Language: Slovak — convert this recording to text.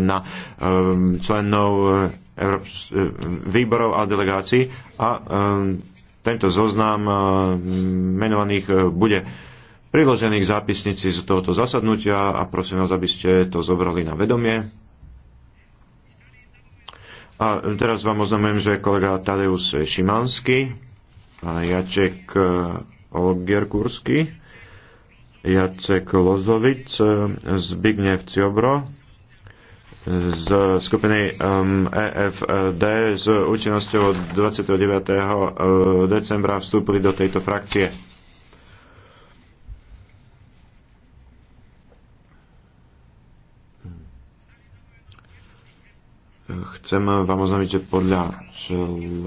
na ehm, členov eh, eh, výborov a delegácií a ehm, tento zoznam eh, menovaných bude priložený k zápisnici z tohoto zasadnutia a prosím vás, aby ste to zobrali na vedomie. A teraz vám oznamujem, že kolega Tadeus Šimanský a Jaček Olgierkursky Jacek Lozovic, Zbigniew Ciobro, z skupiny um, EFD s účinnosťou 29. Uh, decembra vstúpili do tejto frakcie. Chcem vám oznámiť, že podľa čl-